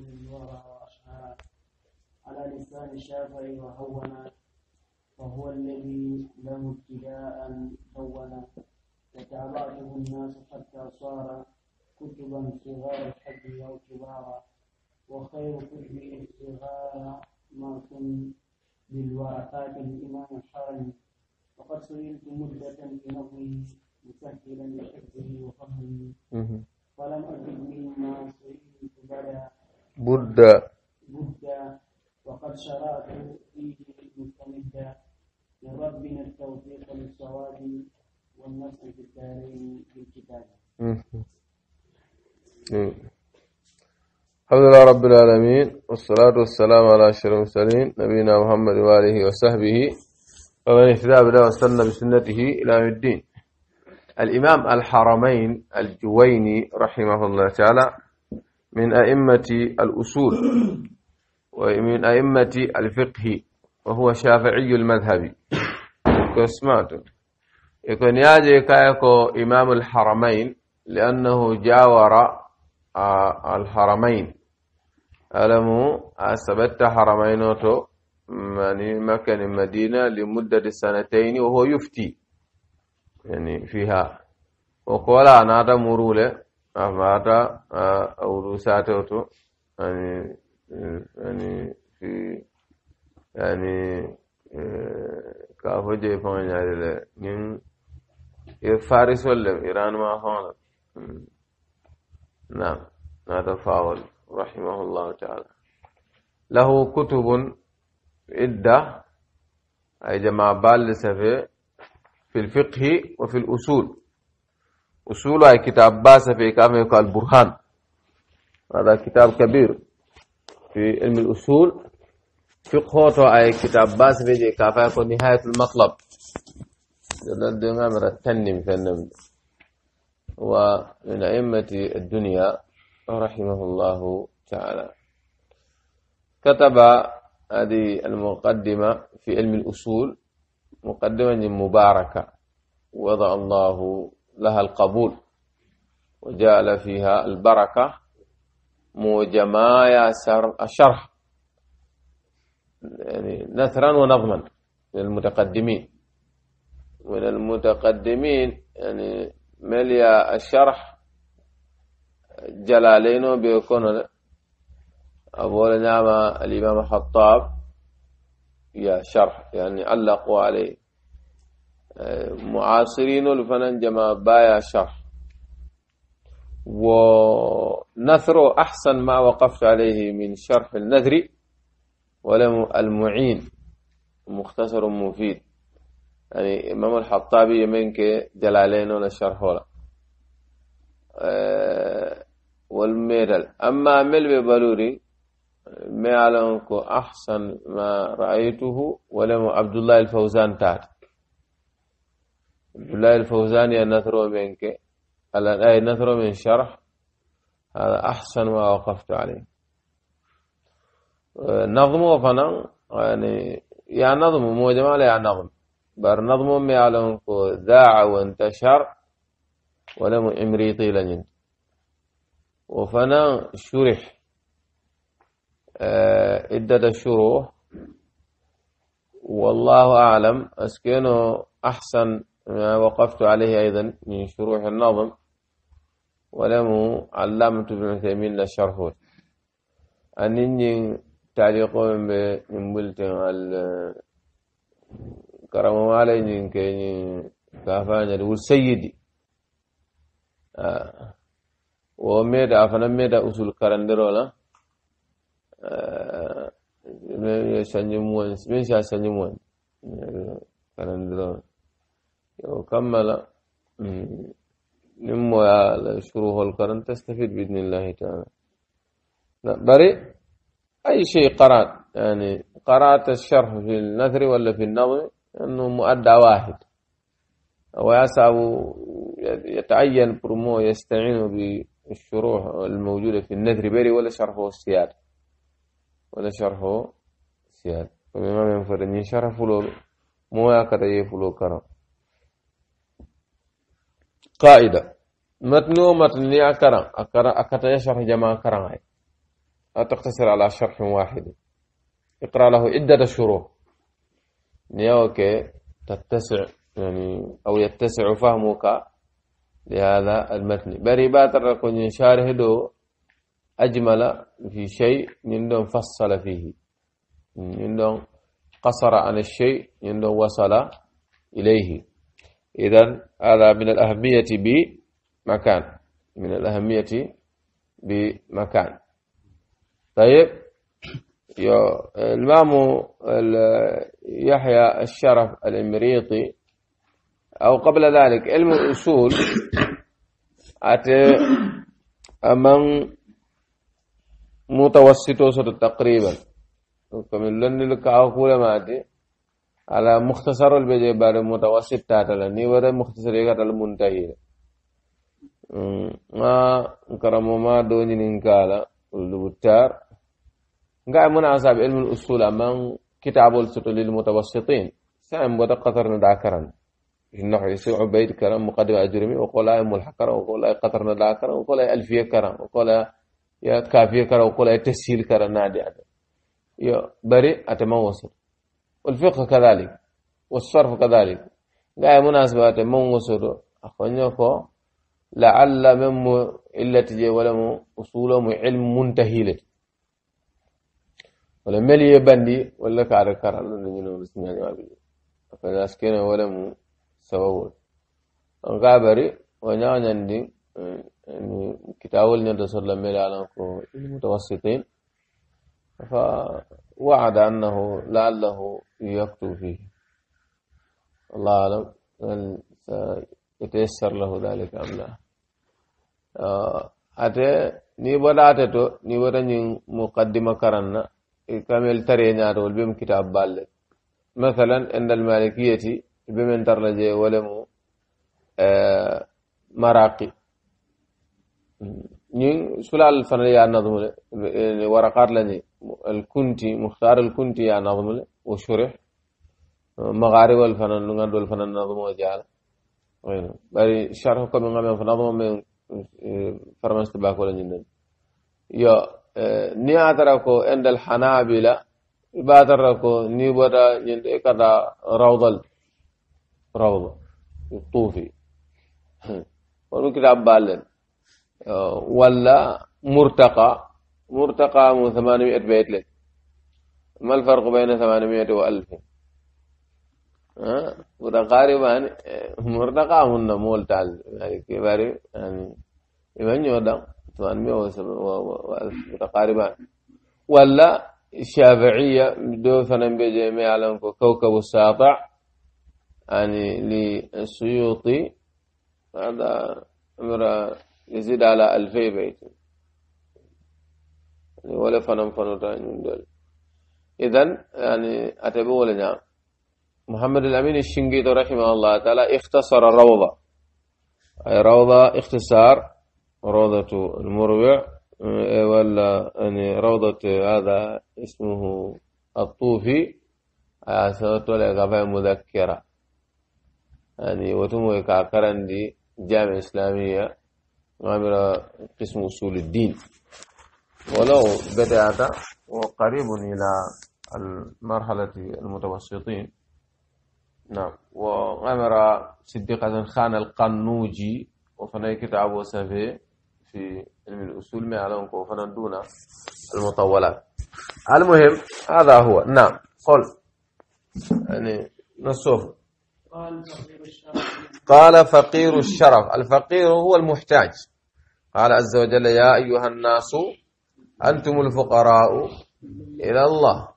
من ورع على لسان الشافعي وهون وهو الذي له ابتداء دون وتابعته الناس حتى صار كتبا صغار الحج أو كبارا وخير كتب صغار ما كن بالورقات الإمام الحرمي وقد سئلت مدة في نظري مسهلا لحفظه وفهمه فلم أجد مما سئلت بدا بدا بدا وقد شرعت فيه المستمد لربنا التوفيق للصواب والنصر في الدارين بالكتاب. الحمد لله رب العالمين والصلاة والسلام على أشرف المرسلين نبينا محمد وآله وصحبه ومن اهتدى بله واستنى بسنته إلى يوم الدين. الإمام الحرمين الجويني رحمه الله تعالى من أئمة الأصول ومن أئمة الفقه وهو شافعي المذهب سمعت يكون ياجي كايكو إمام الحرمين لأنه جاور آه، الحرمين ألمو أثبت حرمين من يعني مكان المدينة لمدة سنتين وهو يفتي يعني فيها وقال أنا مرولة أفاتا آه، أو رساتو يعني يعني في يعني آه، كافو جي فان يعني لا نين يفارس ولا إيران ما فون نعم هذا فاول رحمه الله تعالى له كتب عدة أي جماعة بالسفة في الفقه وفي الأصول أصول أي كتاب باس في يقال البرهان هذا كتاب كبير في علم الأصول فقه أي كتاب باس في إقامة نهاية المطلب لدينا من التنم فنم ومن أئمة الدنيا رحمه الله تعالى كتب هذه المقدمة في علم الأصول مقدمة مباركة وضع الله لها القبول وجعل فيها البركة موجمايا الشرح يعني نثرا ونظما للمتقدمين من المتقدمين يعني مليا الشرح جلالين بيكون أبو نعمة الإمام الخطاب يا شرح يعني علقوا عليه معاصرين الفنان جما بايا شرح ونثر أحسن ما وقفت عليه من شرح النذر ولم المعين مختصر مفيد يعني إمام الحطابي منك جلالين ولا شرح ولا آه، والميرل أما مل ببلوري ما أعلم أحسن ما رأيته ولم عبد الله الفوزان تاتي عبد الله الفوزاني نثر الان اي نثر من شرح هذا أحسن ما وقفت عليه نظم وفنا يعني يا نظم مو جمال يا نظم بر نظم ما يعلم ذاع وانتشر ولم امريطي طيلا وفنا شرح إدة آه، الشروح والله أعلم أسكنه أحسن ما وقفت عليه أيضا من شروح النظم ولم علامة ابن تيمين لشرحه أنني من بلت كرم علي كي كافان السيدي آه. وميد أفنى ميد أصول كرندرولا آه. من شانجموان من شانجموان كرندرولا وكمل يا يذكره القرن تستفيد بإذن الله تعالى بري أي شيء قرأت يعني قرأت الشرح في النثر ولا في النظم أنه مؤدى واحد ويسعى يتعين برمو يستعين بالشروح الموجودة في النثر بري ولا شرحه السياد ولا شرحه السياد فبما ينفرني شرح فلو مو يكتب فلو كرم قائدة متنو متني أكرا أكرا أكتا يشرح جماعة كرا لا تقتصر على شرح واحد اقرأ له عدة شروح نيوك تتسع يعني أو يتسع فهمك لهذا المتن بري باتر كن شارح دو أجمل في شيء يندون فصل فيه يندون قصر عن الشيء يندون وصل إليه إذا هذا من الأهمية بمكان من الأهمية بمكان طيب يو الإمام يحيى الشرف الإمريطي أو قبل ذلك علم الأصول أتى أمام متوسطه تقريبا كمن لن لك أقول ما أتي على مختصر البجي بار متوسط تاتا لني ورا مختصر يغتل منتهي ما كرم ما دوني ننكالا البتار نقع من أصحاب علم الأصول أمان كتاب السطل للمتوسطين سام بدا داكرا إنه يسوع بيت كرم مقدم أجرمي وقول أم الحكرة وقول قطرنا داكرا وقول ألفية كرم وقول يا كافية كرم وقول تسهيل كرم نادي يا بري أتما وصل والفقه كذلك والصرف كذلك غاية مناسبة من وسر أخوانيكو لعل من إلا تجي ولم أصولهم علم منتهي ولا ملي بندي ولا كار كار الله نجينا بسمعني ما بيجي فأنا أسكن ولم سووا وقابري ونعن عندي يعني كتاب النبي صلى الله عليه وسلم المتوسطين ف وعد أنه لعله يكتب فيه الله أعلم هل سيتيسر له ذلك أم لا آه، أتى نيبولا أتتو نيبولا نين مقدمة كرنا كامل ترينا رول بيم كتاب بالك مثلا عند المالكية بمن ترلجي ولمو آه، مراقي نين سلال فن يا نظم يعني ورقات لني الكنتي مختار الكنتي يا نظم وشرح مغارب الفن نغند الفن نظم وجال بري شرحكم من فنظم من فرمست باكو لنين يا ni a tara ko endal hanabila ba tara ko ni bota ñinde kada rawdal rawda tuufi wonu kitab ballen ولا مرتقى مرتقى من 800 بيت لك ما الفرق بين 800 و1000 ها وتقاربا مرتقى هن مول تعال يعني كبار يعني يمن يودا 800 و1000 متقاربان ولا الشافعية دوثنا بجميع الأنكو كوكب الساطع يعني للسيوطي هذا أمر يزيد على ألفي بيت يعني ولا فنم فنوتا دول إذن يعني أتبه ولا نعم؟ محمد الأمين الشنقيط رحمه الله تعالى اختصر الروضة أي روضة اختصار روضة المروع آه، ولا يعني روضة هذا اسمه الطوفي أسرتولي آه، غفا مذكرة يعني وتموي دي جامع إسلامية العبرة قسم أصول الدين ولو بدأت وقريب إلى المرحلة المتوسطين نعم وعمر صديقة خان القنوجي وفنا كتاب وسفي في علم الأصول ما على وفنا دون المطولات المهم هذا هو نعم قل يعني نصوف قال فقير الشرف الفقير هو المحتاج قال عز وجل يا أيها الناس أنتم الفقراء إلى الله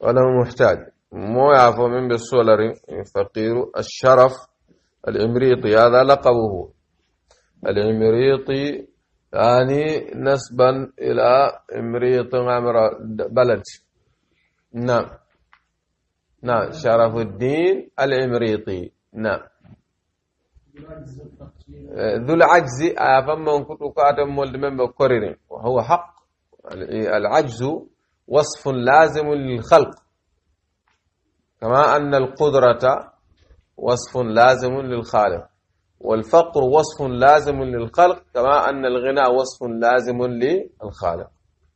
ولا محتاج مو يعفو من بالسولر فقير الشرف العمريطي هذا لقبه العمريطي يعني نسبا إلى عمريط عمر بلد نعم نعم شرف الدين العمريطي نعم ذو العجز فما كنت قاتم مولد من بكرر وهو حق العجز وصف لازم للخلق كما أن القدرة وصف لازم للخالق والفقر وصف لازم للخلق كما أن الغنى وصف لازم للخالق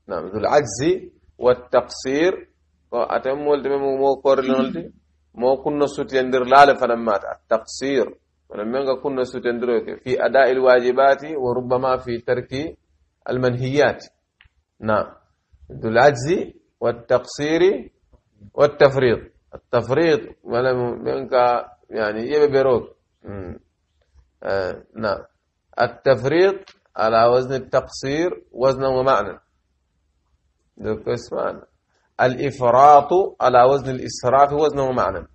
نعم ذو العجز والتقصير أتم ولد مو مو قرن ولد مو كنا سوت يندر لال التقصير ولما كنا سوت في أداء الواجبات وربما في ترك المنهيات نعم ذو العجز والتقصير والتفريط التفريط ولم منك يعني يبي نعم التفريط على وزن التقصير وزنا ومعنى ذو اسمعنا الإفراط على وزن الإسراف وزنه معنى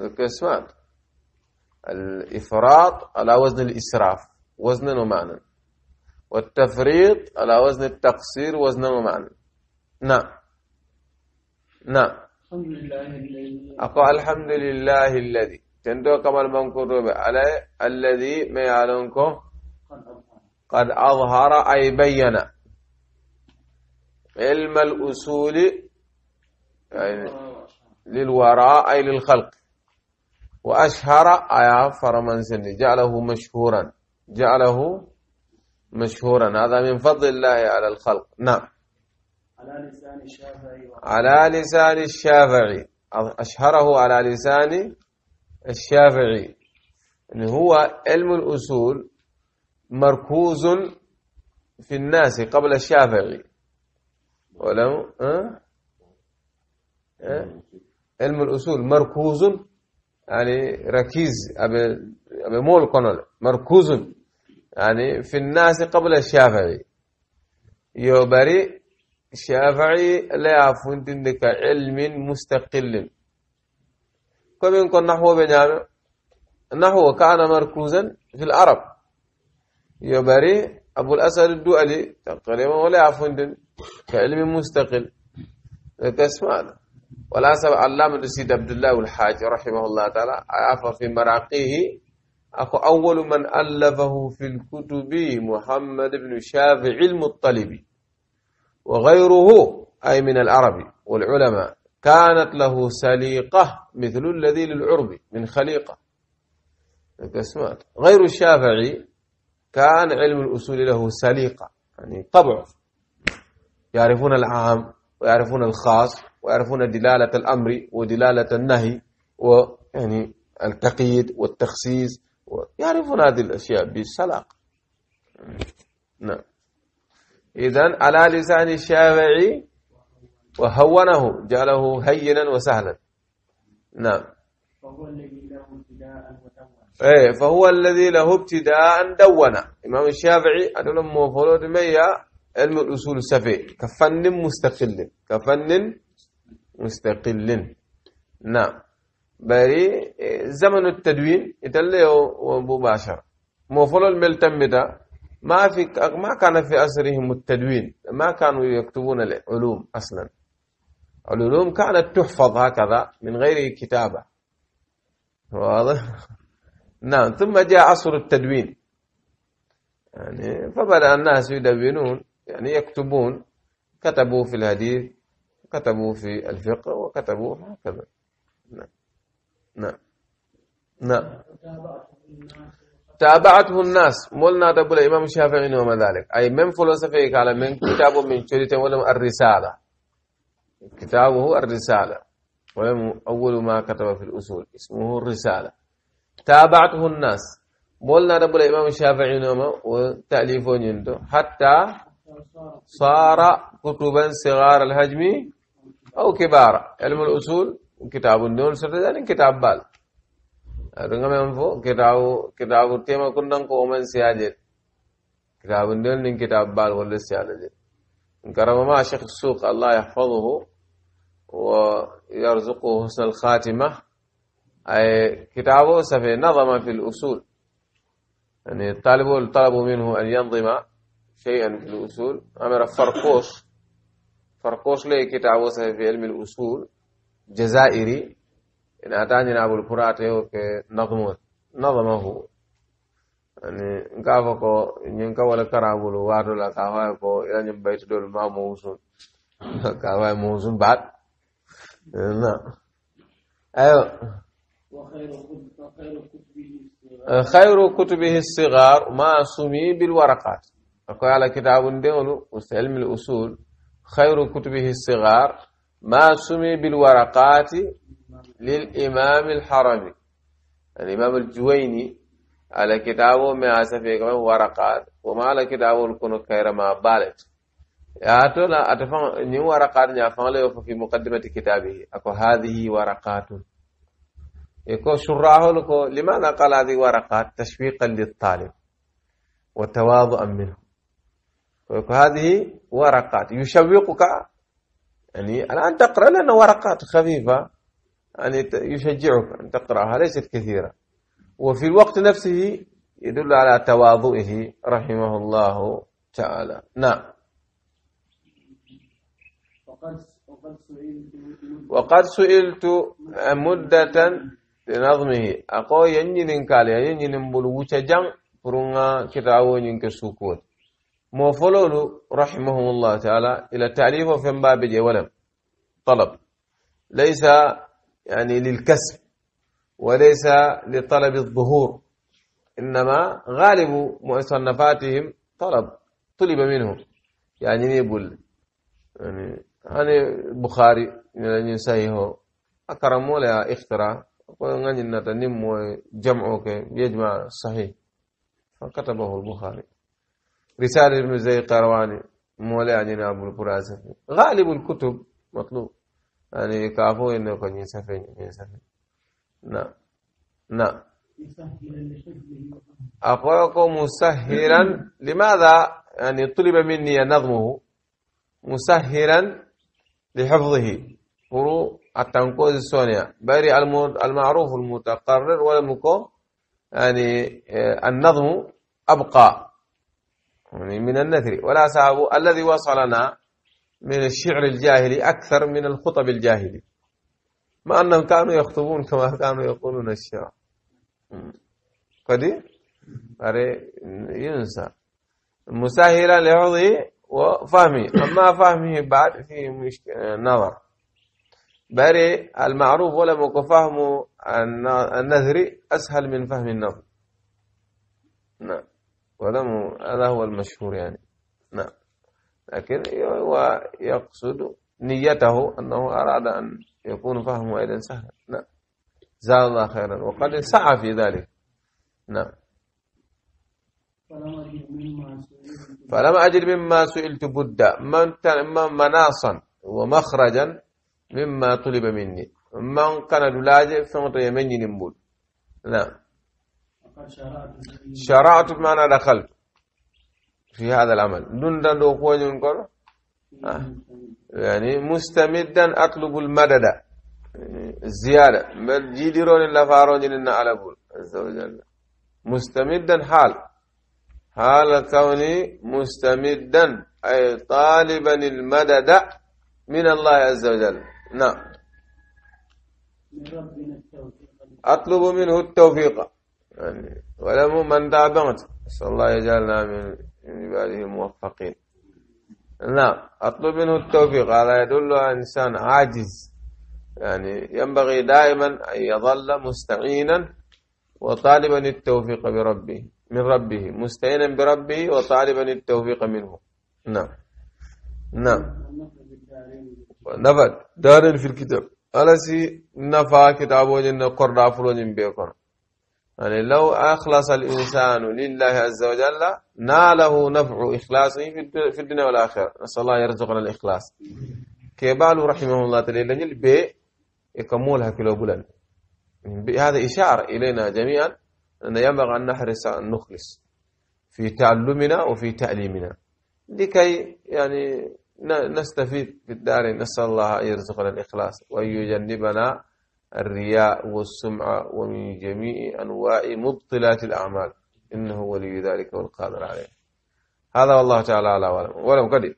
ذلك سمعت الإفراط على وزن الإسراف وزنا ومعنى والتفريط على وزن التقصير وزنا ومعنى نعم نعم أقول الحمد لله الذي تندو كما المنكر على الذي ما يعلنكم قد أظهر أي بينا علم الأصول يعني للوراء أي للخلق وأشهر آية فرمان سني جعله مشهورا جعله مشهورا هذا من فضل الله على الخلق نعم على لسان الشافعي على لسان الشافعي أشهره على لسان الشافعي إن هو علم الأصول مركوز في الناس قبل الشافعي ولو أه؟ أه؟ علم الأصول مركوز يعني ركيز أبي مول قنال مركوز يعني في الناس قبل الشافعي يوبري الشافعي لا فندك علم مستقل كم يكون نحو بنيامين نحو كان مركوزا في العرب يوبري أبو الأسد الدؤلي تقريبا ولا عفوا كعلم مستقل تسمع ولا سبع علامة سيد عبد الله الحاج رحمه الله تعالى عفى في مراقيه أخو أول من ألفه في الكتب محمد بن شافع المطلبي وغيره أي من العرب والعلماء كانت له سليقة مثل الذي للعرب من خليقة تسمعت غير الشافعي كان علم الأصول له سليقة يعني طبع يعرفون العام ويعرفون الخاص ويعرفون دلالة الأمر ودلالة النهي ويعني التقييد والتخصيص يعرفون هذه الأشياء بسلاقة نعم إذن على لسان الشافعي وهونه جعله هينا وسهلا نعم فهو الذي له ابتداء ايه فهو الذي له ابتداء دون امام الشافعي ادون مو فولود ميا علم الاصول سفي كفن مستقل كفن مستقل نعم بري زمن التدوين يتلي مباشر مو فولود ملتمتا ما في ما كان في أسرهم التدوين ما كانوا يكتبون العلوم اصلا العلوم كانت تحفظ هكذا من غير كتابه واضح نعم ثم جاء عصر التدوين يعني فبدأ الناس يدونون يعني يكتبون كتبوا في الحديث كتبوا في الفقه وكتبوا هكذا نعم نعم نعم تابعته الناس مولنا تقول الإمام الشافعي وما ذلك أي من فلسفه قال من كتابه من شريط ولم الرسالة كتابه الرسالة ولم أول ما كتب في الأصول اسمه الرسالة تابعته الناس مولنا رب الإمام الشافعي نوما وتأليفه يندو حتى صار كتبا صغار الهجم أو كبار علم الأصول كتاب النون سرطان كتاب بال رنگا میں كتاب فو كتاب كتاب تیما من كتاب النون نين كتاب بال ولا سيادة كرم ما شيخ السوق الله يحفظه ويرزقه حسن الخاتمة أي كتابه سفه نظم في الأصول يعني الطالب طلب منه أن ينظم شيئا في الأصول أمر فرقوش فرقوش لي كتابه سفه في علم الأصول جزائري إن أتاني أبو الفرات نظمه نظمه يعني كافكو ينكا ولا كرابولو وارو لا كافك يعني بيت دول ما موزون كافك موزون بعد لا نعم. أيوه خير كتبه الصغار أه، ما سمي بالورقات أقول على كتاب دون وسلم الأصول خير كتبه الصغار ما سمي بالورقات للإمام الحرمي الإمام الجويني على كتابه ما أسفيك من ورقات وما على كتابه الكون خير ما بالت أتونا أتفهم ني ورقات نعفان له في مقدمة كتابه أكو هذه ورقات يكون شراه لكم لماذا قال هذه ورقات تشويقا للطالب وتواضعا منه هذه ورقات يشوقك يعني الآن تقرأ لأن ورقات خفيفة يعني يشجعك أن تقرأها ليست كثيرة وفي الوقت نفسه يدل على تواضعه رحمه الله تعالى نعم وقد سئلت مدة لنظمه أقو ينجلن كالي ينجلن بلوش جن فرنغا كتابو ينك سكوت موفلول رحمهم الله تعالى إلى التعريف في باب ولم طلب ليس يعني للكسب وليس لطلب الظهور إنما غالب مصنفاتهم طلب طلب منهم يعني نيبول يعني هاني بخاري يعني صحيح أكرم ولا اختراع وغني النتا نمو جمعوك يجمع صحيح فكتبه البخاري رسالة ابن زي قرواني مولى يعني أبو القراسة غالب الكتب مطلوب يعني كافو إنه كان ينسفين نعم نعم أقولكم مسهرا لماذا يعني طلب مني نظمه مسهرا لحفظه قرؤ التنقوز السونيا بري المعروف المتقرر ولم يكن يعني آه، النظم أبقى يعني من النثر ولا سابو الذي وصلنا من الشعر الجاهلي أكثر من الخطب الجاهلي مع أنهم كانوا يخطبون كما كانوا يقولون الشعر فدي بري ينسى مسهلا لعضي وفهمه أما فهمه بعد فيه مشكلة نظر بري المعروف ولم فهم النذر أسهل من فهم النظر نعم ولم هذا هو المشهور يعني نعم لكن هو يقصد نيته أنه أراد أن يكون فهمه أيضا سهلا نعم جزاه الله خيرا وقد سعى في ذلك نعم فلم أجد مما سئلت بدا من مناصا ومخرجا مما طلب مني من كان دولاجي فمت يمني نمبول نعم شرعت ما أنا دخلت في هذا العمل دون دندو كوني آه. يعني مستمدا اطلب المدد الزياده بل جيدرون لفارون جنن على بول عز وجل مستمدا حال حال كوني مستمدا اي طالبا المدد من الله عز وجل نعم أطلب منه التوفيق يعني ولم من دابغت نسأل الله يجعلنا من عباده الموفقين نعم أطلب منه التوفيق هذا يدل إنسان عاجز يعني ينبغي دائما أن يظل مستعينا وطالبا التوفيق بربه من ربه مستعينا بربه وطالبا التوفيق منه نعم نعم نفد دار في الكتاب سي نفا كتابه جن قرنا فلون بيكون يعني لو أخلص الإنسان لله عز وجل ناله نفع إخلاصه في الدنيا والآخرة نسأل الله يرزقنا الإخلاص كيبالو رحمه الله تعالى لنجل بي يكمولها كلو بلن هذا إشار إلينا جميعا أن ينبغي أن نحرص أن نخلص في تعلمنا وفي تعليمنا لكي يعني نستفيد في الدار نسأل الله أن يرزقنا الإخلاص وأن يجنبنا الرياء والسمعة ومن جميع أنواع مبطلات الأعمال إنه ولي ذلك والقادر عليه هذا والله تعالى على ولم ولم قد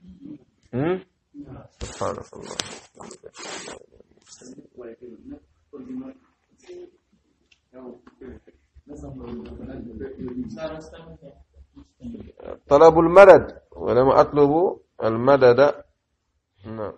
سبحانك الله طلب المدد ولم أطلبه المدد نعم